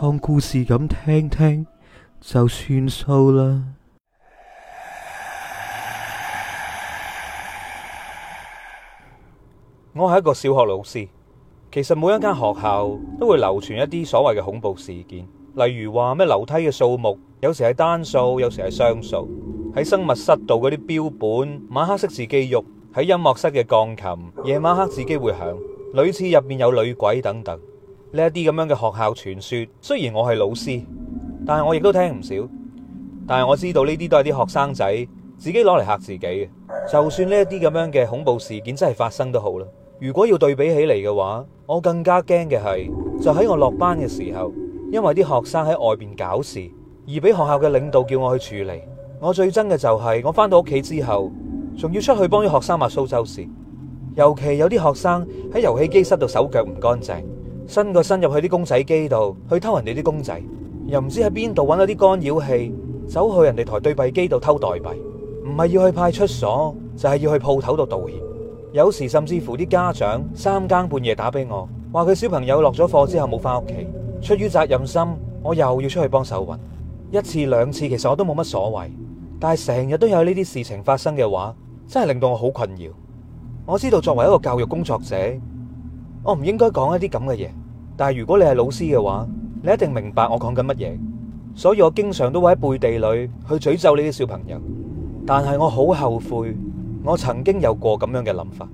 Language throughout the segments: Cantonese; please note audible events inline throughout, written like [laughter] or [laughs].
當故事咁聽聽就算數啦。我係一個小學老師，其實每一間學校都會流傳一啲所謂嘅恐怖事件，例如話咩樓梯嘅數目有時係單數，有時係雙數；喺生物室度嗰啲標本晚黑識字肌肉；喺音樂室嘅鋼琴夜晚黑自己會響；女廁入邊有女鬼等等。呢一啲咁樣嘅學校傳說，雖然我係老師，但係我亦都聽唔少。但係我知道呢啲都係啲學生仔自己攞嚟嚇自己嘅。就算呢一啲咁樣嘅恐怖事件真係發生都好啦。如果要對比起嚟嘅話，我更加驚嘅係就喺我落班嘅時候，因為啲學生喺外邊搞事而俾學校嘅領導叫我去處理。我最憎嘅就係我翻到屋企之後，仲要出去幫啲學生抹蘇州屎。尤其有啲學生喺遊戲機室度手腳唔乾淨。伸個身入去啲公仔機度，去偷人哋啲公仔，又唔知喺邊度揾到啲干擾器，走去人哋台對幣機度偷代幣，唔係要去派出所，就係要去鋪頭度道歉。有時甚至乎啲家長三更半夜打俾我，話佢小朋友落咗課之後冇翻屋企，出於責任心，我又要出去幫手搵。一次兩次其實我都冇乜所謂，但係成日都有呢啲事情發生嘅話，真係令到我好困擾。我知道作為一個教育工作者。我唔應該講一啲咁嘅嘢，但係如果你係老師嘅話，你一定明白我講緊乜嘢。所以我經常都會喺背地裏去詛咒呢啲小朋友。但係我好後悔，我曾經有過咁樣嘅諗法。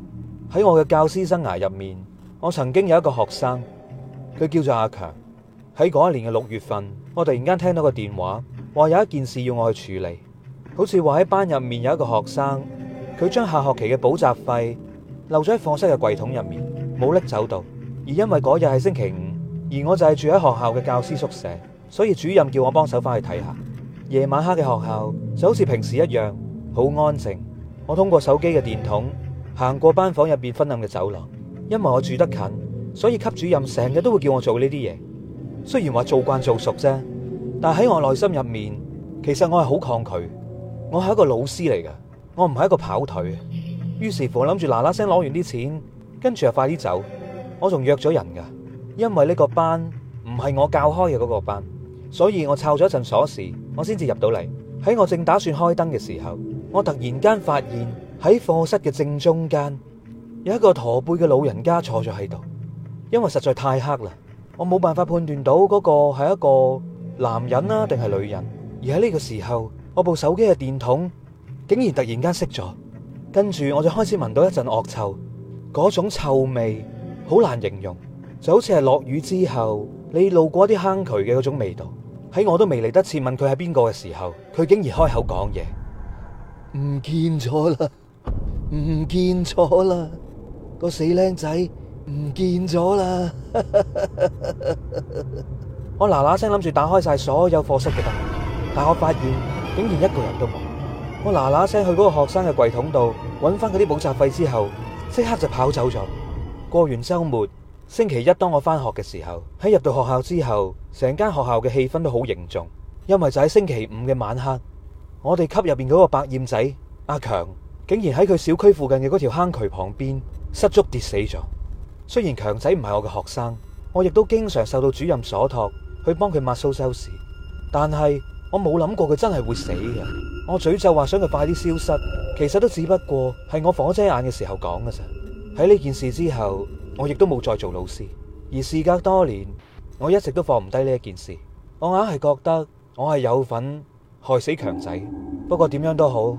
喺我嘅教師生涯入面，我曾經有一個學生，佢叫做阿強。喺嗰一年嘅六月份，我突然間聽到個電話，話有一件事要我去處理，好似話喺班入面有一個學生，佢將下學期嘅補習費留咗喺課室嘅櫃桶入面。冇拎走到，而因為嗰日係星期五，而我就係住喺學校嘅教師宿舍，所以主任叫我幫手翻去睇下。夜晚黑嘅學校就好似平時一樣，好安靜。我通過手機嘅電筒行過班房入邊昏暗嘅走廊，因為我住得近，所以級主任成日都會叫我做呢啲嘢。雖然話做慣做熟啫，但係喺我內心入面，其實我係好抗拒。我係一個老師嚟㗎，我唔係一個跑腿。於是乎，諗住嗱嗱聲攞完啲錢。跟住就快啲走，我仲約咗人噶，因為呢個班唔係我教開嘅嗰個班，所以我抄咗一陣鎖匙，我先至入到嚟。喺我正打算開燈嘅時候，我突然間發現喺課室嘅正中間有一個駝背嘅老人家坐咗喺度。因為實在太黑啦，我冇辦法判斷到嗰個係一個男人呀定係女人。而喺呢個時候，我部手機嘅電筒竟然突然間熄咗，跟住我就開始聞到一陣惡臭。嗰種臭味好難形容，就好似係落雨之後你路過啲坑渠嘅嗰種味道。喺我都未嚟得切問佢係邊個嘅時候，佢竟然開口講嘢，唔見咗啦，唔見咗啦，個死靚仔唔見咗啦！ [laughs] 我嗱嗱聲諗住打開晒所有課室嘅燈，但我發現竟然一個人都冇。我嗱嗱聲去嗰個學生嘅櫃桶度揾翻嗰啲補習費之後，即刻就跑走咗。過完周末，星期一當我翻學嘅時候，喺入到學校之後，成間學校嘅氣氛都好凝重，因為就喺星期五嘅晚黑，我哋級入邊嗰個百厭仔阿強，竟然喺佢小區附近嘅嗰條坑渠旁邊失足跌死咗。雖然強仔唔係我嘅學生，我亦都經常受到主任所託去幫佢抹蘇州屎，但係我冇諗過佢真係會死嘅。我詛咒話想佢快啲消失，其實都只不過係我火遮眼嘅時候講嘅咋。喺呢件事之後，我亦都冇再做老師。而事隔多年，我一直都放唔低呢一件事。我硬係覺得我係有份害死強仔。不過點樣都好，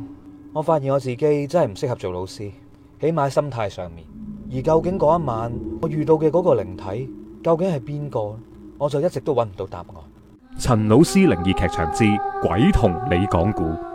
我發現我自己真係唔適合做老師，起碼喺心態上面。而究竟嗰一晚我遇到嘅嗰個靈體究竟係邊個，我就一直都揾唔到答案。陳老師靈異劇場之鬼同你講故。